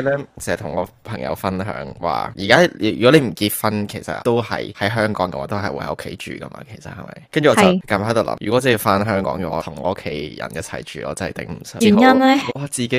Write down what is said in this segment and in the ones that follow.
咧成日同我朋友分享話，而家如果你唔結婚，其實都係喺香港嘅話，都係會喺屋企住噶嘛。其實係咪？跟住我就咁喺度諗，是如果真係要翻香港嘅話，同我屋企人一齊住，我真係頂唔順。原因咧，我自己住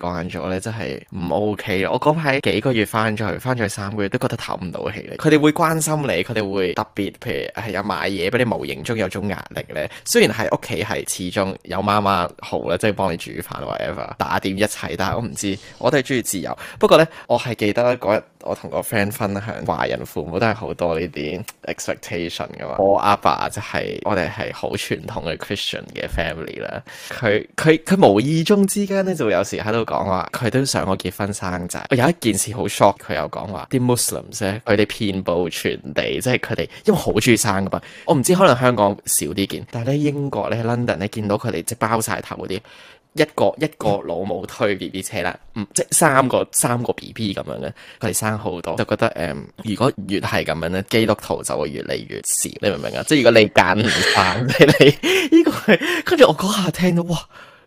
慣咗咧，真係唔 OK。我嗰排幾個月翻咗去，翻咗去，去三個月都覺得唞唔到氣。佢哋會關心你，佢哋會特別，譬如係有買嘢俾你，無形中有種壓力咧。雖然喺屋企係始終有媽媽好咧，即係幫你煮飯或 whatever 打點一切，但係我唔知我哋住。自由。不過咧，我係記得嗰日。我同個 friend 分享，華人父母都係好多呢啲 expectation 噶嘛。我阿爸就係我哋係好傳統嘅 Christian 嘅 family 啦。佢佢佢無意中之間咧，就會有時喺度講話，佢都想我結婚生仔。有一件事好 shock，佢又講話啲 Muslims 咧，佢哋遍佈全地，即係佢哋因為好中意生噶嘛。我唔知可能香港少啲見，但係咧英國咧 London 咧見到佢哋即包晒頭嗰啲，一個一個老母推 B B 車啦，嗯嗯、即三個三個 B B 咁樣嘅，佢哋生。好多就覺得誒、嗯，如果越係咁樣咧，基督徒就會越嚟越少，你明唔明啊？即係 如果你揀唔返畀你，呢、呢個係跟住我嗰下聽到哇！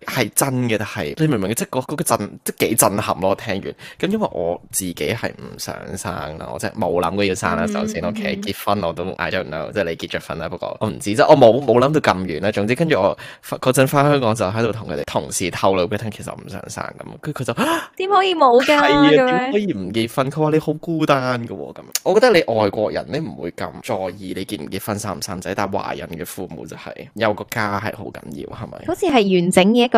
係真嘅，但係你明唔明即係嗰嗰個震，即係幾震撼咯！我聽完咁，因為我自己係唔想生啦，我真係冇諗過要生啦，首先 OK。結婚我都 I don't know，即係你結咗婚啦，不過我唔知。即係我冇冇諗到咁遠啦。總之跟住我嗰陣翻香港就喺度同佢哋同事透露俾佢聽，其實我唔想生咁。跟佢就點、啊、可以冇㗎、啊？點可以唔結婚？佢話你好孤單㗎喎。咁我覺得你外國人你唔會咁在意你結唔結婚、生唔生仔，但係華人嘅父母就係、係、有個家係好緊要，係咪？好似係完整嘅一個。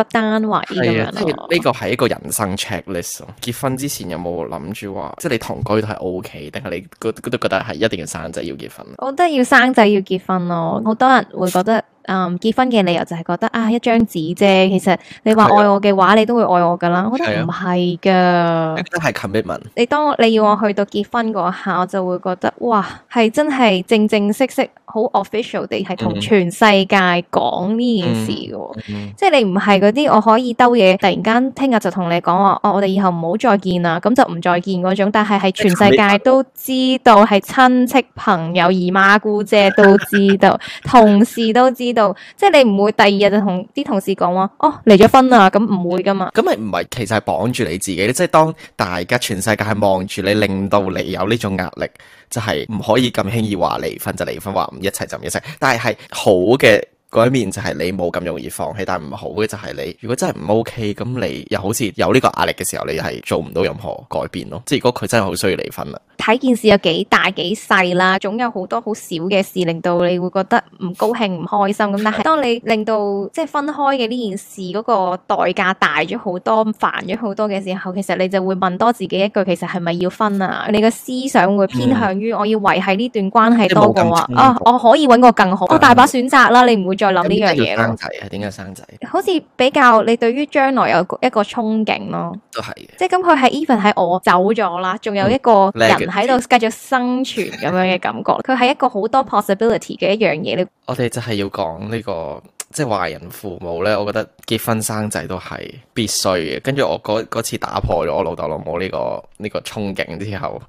個單位呢個係一個人生 checklist 咯。結婚之前有冇諗住話，即係你同居都係 OK，定係你都覺得係一定要生仔要結婚？我覺得要生仔要結婚咯，好多人會覺得。 嗯，um, 結婚嘅理由就係覺得啊，一張紙啫。其實你話愛我嘅話，的你都會愛我噶啦。的我覺得唔係㗎，都係 commitment。你當你要我去到結婚嗰下，我就會覺得哇，係真係正正式式，好 official 地係同全世界講呢件事嘅。嗯、即係你唔係嗰啲我可以兜嘢，突然間聽日就同你講話，哦，我哋以後唔好再見啦，咁就唔再見嗰種。但係係全世界都知道，係親戚朋友、姨媽姑姐都知道， 同事都知道。即係你唔會第二日就同啲同事講話，哦，離咗婚啊，咁唔會噶嘛。咁咪唔係，其實係綁住你自己。即係當大家全世界係望住你，令到你有呢種壓力，就係唔可以咁輕易話離婚就離婚，話唔一齊就唔一齊。但係係好嘅。改面就係你冇咁容易放棄，但係唔好嘅就係你，如果真係唔 OK，咁你又好似有呢個壓力嘅時候，你係做唔到任何改變咯。即係如果佢真係好需要離婚啦，睇件事有幾大幾細啦，總有好多好少嘅事令到你會覺得唔高興、唔開心咁。但係當你令到即係、就是、分開嘅呢件事嗰、那個代價大咗好多、煩咗好多嘅時候，其實你就會問多自己一句，其實係咪要分啊？你嘅思想會偏向於我要維係呢段關係、嗯、多過話啊，我可以揾個更好，嗯、我大把選擇啦，你唔會。再諗呢樣嘢，生仔係點解生仔？好似比較你對於將來有一個憧憬咯，都係，即係咁佢係 even 喺我走咗啦，仲有一個人喺度繼續生存咁樣嘅感覺，佢係 一個好多 possibility 嘅一樣嘢。你 我哋就係要講呢個，即係華人父母呢，我覺得結婚生仔都係必須嘅。跟住我嗰次打破咗我老豆老母呢個呢個憧憬之後。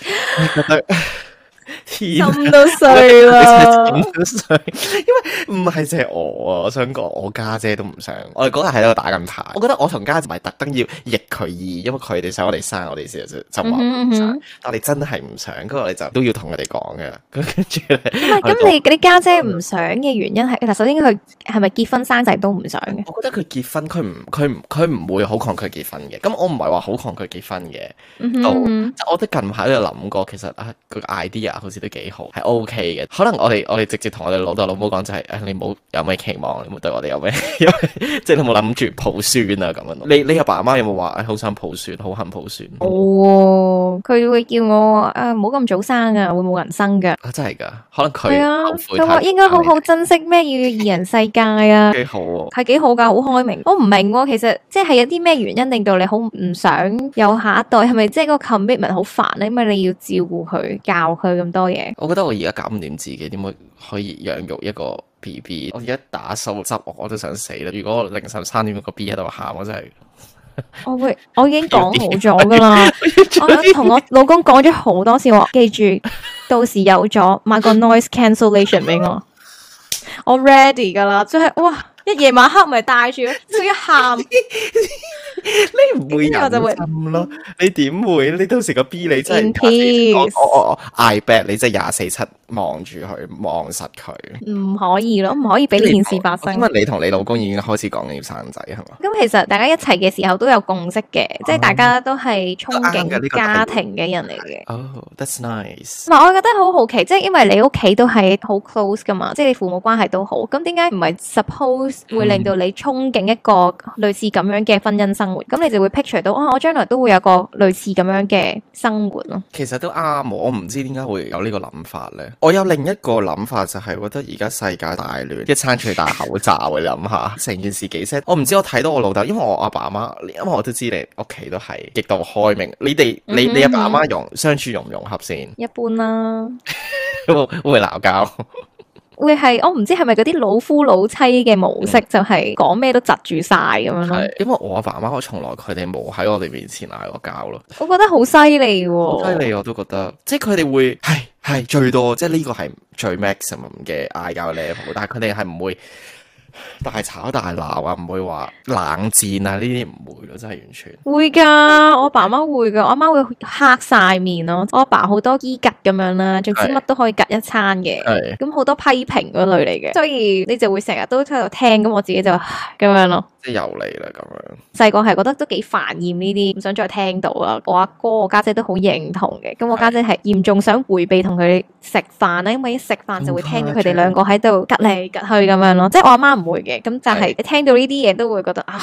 心、啊、都碎咯， 因為唔係只我啊，我想講我家姐都唔想。我哋嗰日喺度打緊牌，我覺得我同家姐唔係特登要逆佢意，因為佢哋想我哋生，我哋先就就話、嗯嗯、但你真係唔想，跟、那、住、個、我就都要同佢哋講嘅。唔 係我、嗯，咁你嗰啲家姐唔想嘅原因係，首先佢係咪結婚生仔都唔想嘅？我覺得佢結婚，佢唔，佢唔，佢唔會好抗拒結婚嘅。咁我唔係話好抗拒結婚嘅，嗯哼嗯哼 oh, 我啲近排都有諗過，其實啊，個 idea。好似都幾好，係 O K 嘅。可能我哋我哋直接同我哋老豆老母講就係、係，誒你冇有咩期望，你冇對我哋有咩，即 係你冇諗住抱孫啊咁樣。你你阿爸阿媽有冇話好想抱孫，好恨抱孫？哦，佢會叫我誒唔好咁早生啊，會冇人生嘅。啊真係噶，可能佢係啊，佢話悔應該好好珍惜咩， 要二人世界啊，幾好、啊，係幾好噶，好開明。我唔明其實即係有啲咩原因令到你好唔想有下一代？係咪即係個 commitment 好煩咧？因為你要照顧佢，教佢咁。多嘢，我覺得我而家搞唔掂自己，點會可以養育一個 B B？我而家打收執，我都想死啦！如果凌晨三點個 B 喺度喊，我真係……我會、 哦，我已經講好咗噶啦， 我同我老公講咗好多次，我記住到時有咗買個 noise cancellation 俾我， 我 ready 噶啦，即係哇！一夜晚黑咪戴住，即係一喊， 你唔會忍咯？ 你點會？你到時個 B 你真係、哦哦哦、I bet 你真係廿四七望住佢，望實佢，唔可以咯？唔可以俾呢件事發生。因為你同你老公已經開始講要生仔，係嘛？咁其實大家一齊嘅時候都有共識嘅，哦、即係大家都係憧憬、哦、家庭嘅人嚟嘅。哦，that's nice。嗱，我覺得好好奇，即係因為你屋企都係好 close 噶嘛，即係你父母關係都好，咁點解唔係 suppose？會令到你憧憬一個類似咁樣嘅婚姻生活，咁你就會 picture 到，啊、哦，我將來都會有個類似咁樣嘅生活咯。其實都啱，我唔知點解會有呢個諗法呢，我有另一個諗法就係、是，我覺得而家世界大亂，一餐出去戴口罩，你諗 下成件事幾識。我唔知我睇到我老豆，因為我阿爸阿媽，因為我都知你屋企都係極度開明。你哋你嗯嗯你阿爸阿媽融相處融唔融合先？一般啦，啊 ，會會鬧交。 會係我唔知係咪嗰啲老夫老妻嘅模式，嗯、就係講咩都窒住晒咁樣咯。因為我阿爸阿媽，從我從來佢哋冇喺我哋面前嗌我教咯。我覺得好犀利喎！好犀利，我都覺得，即係佢哋會係係最多，即係呢個係最 maximum 嘅嗌教 level， 但係佢哋係唔會。大吵大鬧啊，唔會話冷戰啊，呢啲唔會咯，真係完全會噶，我爸媽會噶，我媽會黑晒面咯、啊，我爸好多衣格咁樣啦，總之乜都可以吉一餐嘅，咁好的多批評嗰類嚟嘅，所以你就會成日都喺度聽，咁我自己就咁樣咯、啊。又嚟啦咁樣，細個係覺得都幾煩厭呢啲，唔想再聽到啦。我阿哥、我家姐都好認同嘅，咁我家姐係嚴重想回避同佢食飯啦，因為一食飯就會聽到佢哋兩個喺度隔嚟隔去咁樣咯。即係我阿媽唔會嘅，咁就係一聽到呢啲嘢都會覺得的啊。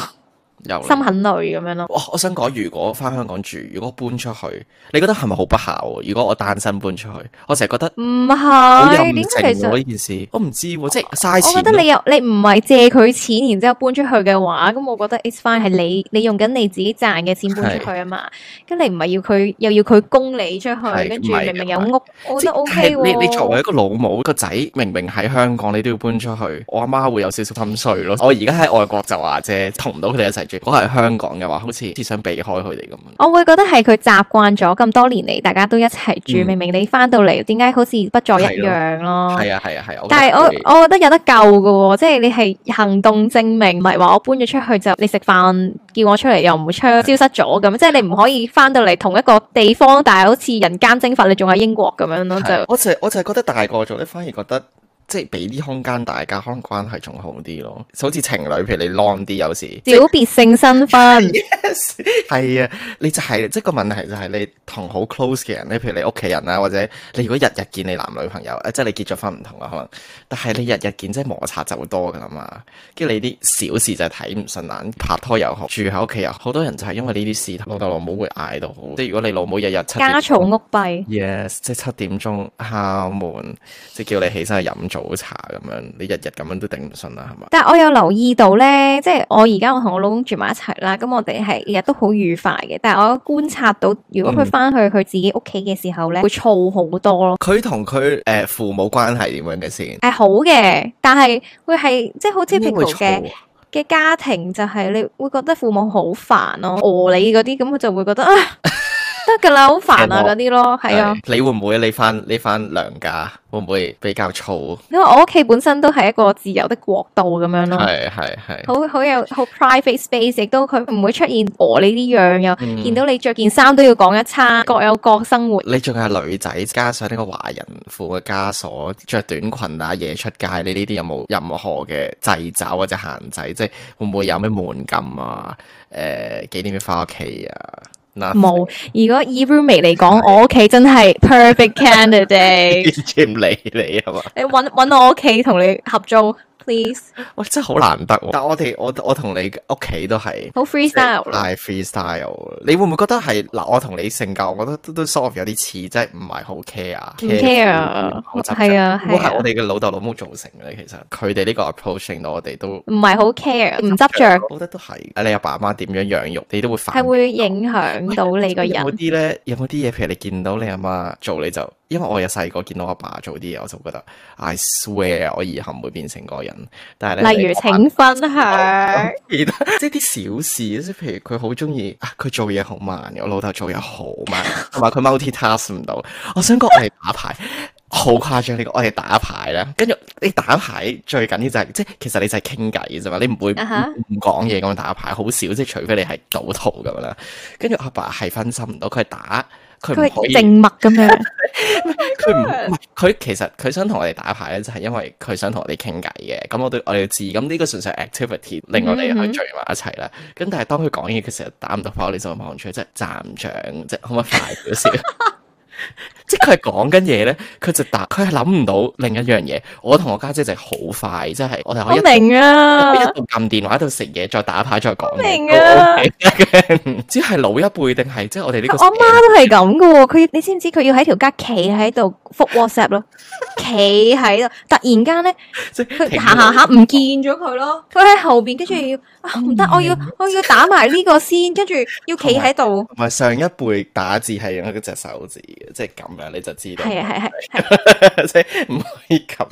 心很累咁樣咯。我想講，如果翻香港住，如果搬出去，你覺得係咪好不孝？如果我單身搬出去，我成日覺得唔係點解其實我呢件事，我唔知喎，即係嘥錢。我覺得你又你唔係借佢錢，然之後搬出去嘅話，咁我覺得 it's fine，係你你用緊你自己賺嘅錢搬出去啊嘛。咁是你唔係要佢又要佢供你出去，跟住是明明有屋，我覺得 OK 喎。你你作為一個老母，個仔明明喺香港，你都要搬出去，我阿媽會有少少心碎咯。我而家喺外國就話啫，同唔到佢哋一齊住。如果係香港嘅話，好似只想避開佢哋咁樣。我會覺得係佢習慣咗咁多年嚟，大家都一齊住，嗯、明明你翻到嚟，點解好似不再一樣咯？係啊係啊係啊！但係我我覺得有得救嘅喎、哦，即係你係行動證明，唔係話我搬咗出去就你食飯叫我出嚟又唔會出，消失咗咁，即係你唔可以翻到嚟同一個地方，但係好似人間蒸發，你仲喺英國咁樣咯的就我、就是。我就我就係覺得大個咗，反而覺得。即係俾啲空間，大家可能關係仲好啲咯。好似情侶，譬如你 long 啲，有時小別勝新婚。 Yes，係啊，你就係、是、即係個問題就係你同好 close 嘅人咧，譬如你屋企人啊，或者你如果日日見你男女朋友，即係你結咗婚唔同啦，可能。但係你日日見，即係摩擦就會多㗎嘛。跟住你啲小事就係睇唔順眼，拍拖又好，住喺屋企又好，好多人就係因為呢啲事，老豆老母會嗌到好。即係如果你老母日日家嘈屋閉。Yes，即係七點鐘敲門，即係叫你起身去飲。早茶咁樣，你日日咁樣都頂唔順啦，係嘛？但係我有留意到咧，即係我而家我同我老公住埋一齊啦，咁我哋係日日都好愉快嘅。但係我觀察到，如果佢翻去佢自己屋企嘅時候咧，嗯、會燥好多咯。佢同佢誒父母關係點樣嘅先？係好嘅，但係會係即係好似譬如嘅嘅家庭，就係你會覺得父母好煩咯，餓你嗰啲咁，佢就會覺得啊。得噶啦，好煩啊嗰啲咯，係啊。你會唔會你翻你翻娘家會唔會比較燥？因為我屋企本身都係一個自由的國度咁樣咯，係係係，好好有好 private space，亦都佢唔會出現我呢啲樣又、嗯、見到你着件衫都要講一餐，各有各生活。你仲係女仔，加上呢個華人婦嘅枷鎖，着短裙啊，夜出街，你呢啲有冇任何嘅掣肘或者限制？即係會唔會有咩門禁啊？誒、呃，幾點要翻屋企啊？冇，如果以 roommate 嚟講，我屋企真係 perfect candidate。唔理你係嘛？你揾揾我屋企同你合租。please，我真係好難得，但我哋我我同你屋企都係好 freestyle，freestyle 你會唔會覺得係嗱？我同你性格，我覺得都都 sort 有啲似，即係唔係好 care，care，係啊係。都係、啊啊、我哋嘅老豆老母造成嘅，其實佢哋呢個 approaching 到我哋都唔係好 care，唔執着。我覺得都係。你阿爸阿媽點樣養育，你都會反係會影響到你個人。哎、有冇啲咧？有冇啲嘢？譬如你見到你阿媽做，你就。 因為我有細個見到我阿爸做啲嘢，我就覺得 I swear 我以後唔會變成嗰個人。但係例如請分享，即係啲小事，即係譬如佢好中意，佢做嘢好慢，我老豆做嘢好慢，同埋佢 multitask 唔到。 我想講我哋打牌好誇張呢個，你我哋打牌咧，跟住你打牌最緊要就係即係其實你就係傾偈啫嘛，你唔會唔講嘢咁打牌好少，即係除非你係賭徒咁啦。跟住阿爸係分心唔到，佢係打。佢係靜默咁樣 ，佢唔佢其實佢想同我哋打牌咧，就係因為佢想同我哋傾偈嘅。咁我哋我哋要知，意，咁呢個純粹 activity 令我哋可以聚埋一齊啦。咁、嗯嗯、但係當佢講嘢嘅時候，打唔到牌，我哋就望住即係站長，即係可唔可以快少少？ 即係佢係講緊嘢咧，佢就答。佢係諗唔到另一樣嘢。我同我家姐，姐就好快，即係我哋可以明啊，一邊撳電話，一邊食嘢，再打牌，再講明啊。只係老一輩定係即係我哋呢個，我阿媽都係咁噶喎。佢你知唔知佢要喺條家企喺度？覆 WhatsApp 咯，企喺度，突然間咧，佢行行下唔見咗佢咯，佢喺後邊，跟住要，啊，唔得，我要我要打埋呢個先，跟住要企喺度。唔係上一輩打字係用一隻手指嘅，即係咁樣你就知道。係啊係係，即係唔可以咁。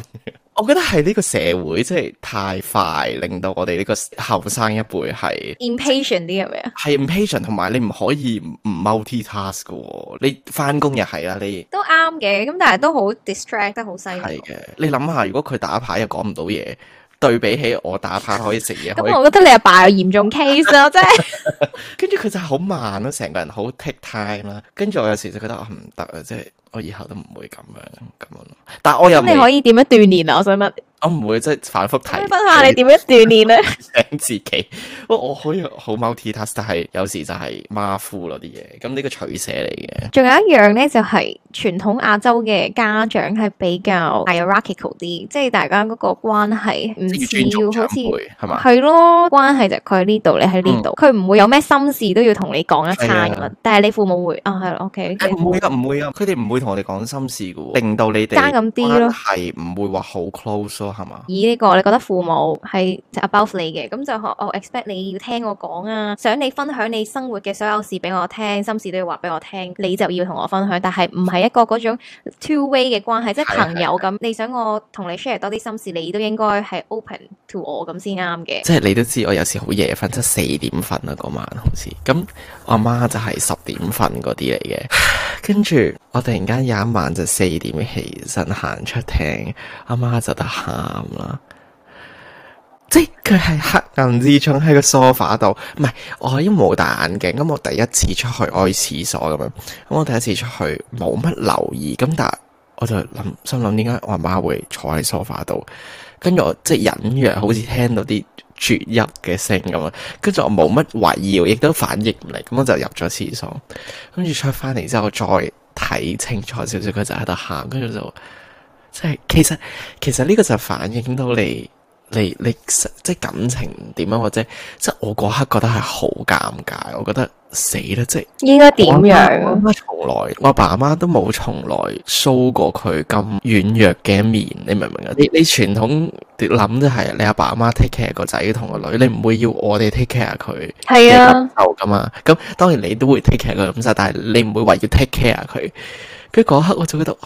我覺得係呢個社會即係太快，令到我哋呢個後生一輩係 impatient 啲，係咪啊？係 impatient，同埋你唔可以唔 multi task 噶。你返工又係啊，你都啱嘅。咁但係都好 distract 得好犀利。係嘅，你諗下，如果佢打牌又講唔到嘢。對比起我打牌可以食嘢，咁我覺得你阿爸有嚴重 case 咯，即 係。跟住佢就係好慢咯，成個人好 take time 啦。跟住我有時就覺得我唔得啊，即係我以後都唔會咁樣咁樣咯。但係我又咁你可以點樣鍛鍊啊？我想問。我唔會即係反覆睇。分享下你點樣鍛鍊啊？整自己，我我可以好 multi-task，但係有時就係馬虎咯啲嘢。咁呢個取捨嚟嘅。仲有一樣咧，就係傳統亞洲嘅家長係比較 hierarchical 啲，即係大家嗰個關係唔似好似係嘛？係咯，關係就佢喺呢度，你喺呢度，佢唔、嗯、會有咩心事都要同你講一餐咁啊。嗯、但係你父母會啊？係咯，OK, okay。唔會啊，唔會啊，佢哋唔會同我哋講心事嘅喎，令到你哋單咁啲咯，係唔會話好 close 咯。以呢、這個你覺得父母係 above 你嘅，咁就我、oh, expect 你要聽我講啊，想你分享你生活嘅所有事俾我聽，心事都要話俾我聽，你就要同我分享。但係唔係一個嗰種 two way 嘅關係，即、就、係、是、朋友咁。 你想我同你 share 多啲心事，你都應該係 open to 我咁先啱嘅。即係你都知我有時好夜瞓，即係四點瞓啊嗰晚好似。咁我阿媽就係十點瞓嗰啲嚟嘅，跟住。我突然間有一晚就四點起身行出廳，阿媽就得喊啦。即係佢係黑暗之中喺個梳化度，唔係，我已經冇戴眼鏡，咁我第一次出去去廁所咁樣，咁我，我第一次出去冇乜留意，咁但係我就諗心諗點解我阿媽會坐喺梳化度，跟住我即係隱約好似聽到啲。啜泣嘅聲咁啊，跟住我冇乜懷疑，亦都反應唔嚟，咁我就入咗廁所，跟住出翻嚟之後我再睇清楚少少，佢就喺度喊。跟住就即係其實其實呢個就反映到你。你你即係感情點樣，或者即係我嗰刻覺得係好尷尬，我覺得死啦！即係應該點樣？從來我阿爸阿媽都冇從來 show 過佢咁軟弱嘅一面，你明唔明啊？你你傳統諗就係、是、你阿爸阿媽 take care 個仔同個女，你唔會要我哋 take care 佢係是啊頭噶嘛？咁當然你都會 take care 佢咁晒，但係你唔會話要 take care 佢。跟住嗰刻我就覺得。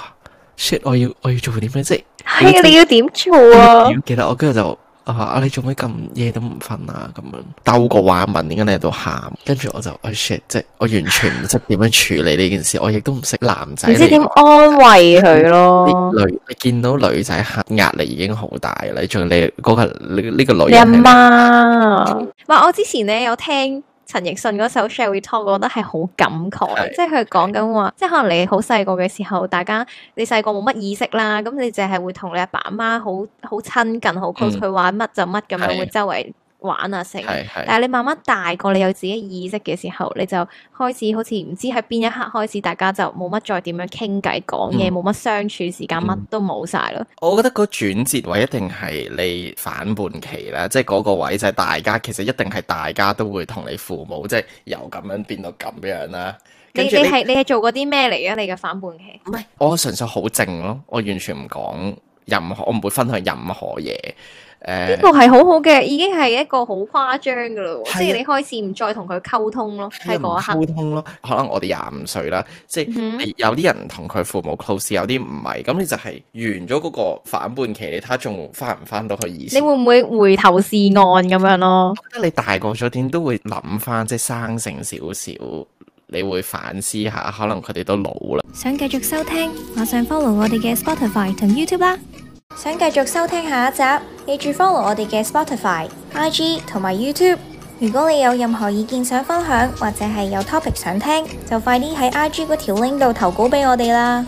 說我要我要做點咩，即係啊，啊，你要點做啊？記得我今日就啊，你做咩咁夜都唔瞓啊？咁樣兜個話問點解你喺度喊，跟住我就，我、oh, shit，即係我完全唔識點樣處理呢件事， 我亦都唔識男仔，唔知點安慰佢咯。你女你見到女仔喊，壓力已經好大啦，仲你嗰、那個呢、這個女人阿媽。哇！我之前咧有聽。陳奕迅嗰首《Shall We Talk》，我覺得係好感慨，是即係佢講緊話，是即係可能你好細個嘅時候，大家你細個冇乜意識啦，咁你淨係會同你阿爸阿媽好好親近，好 close 佢玩乜就乜咁樣，嗯、會周圍。玩啊成，是是但係你慢慢大個，你有自己意識嘅時候，你就開始好似唔知喺邊一刻開始，大家就冇乜再點樣傾偈講嘢，冇乜、嗯、相處時間，乜、嗯、都冇晒咯。我覺得嗰轉折位一定係你反叛期啦，即係嗰個位就係大家其實一定係大家都會同你父母即係、就是、由咁樣變到咁樣啦。你你係你係做過啲咩嚟啊？你嘅反叛期？唔係是我純粹好靜咯，我完全唔講任何，我唔會分享任何嘢。呢個係好好嘅，已經係一個好誇張噶啦，的即係你開始唔再同佢溝通咯。的係一刻溝通咯，可能我哋廿五歲啦，即係有啲人同佢父母 close，有啲唔係，咁你就係完咗嗰個反叛期，你睇下，仲翻唔翻到佢以前？你會唔會回頭是岸咁樣咯，啊？即係你大個咗點都會諗翻，即係生性少少，你會反思下，可能佢哋都老啦。想繼續收聽，馬上 follow 我哋嘅 Spotify 同 YouTube 啦，啊。想繼續收聽下一集，記住 follow 我哋嘅 Spotify、IG 同埋 YouTube。如果你有任何意見想分享，或者係有 topic 想聽，就快啲喺 IG 嗰條 link 度投稿俾我哋啦。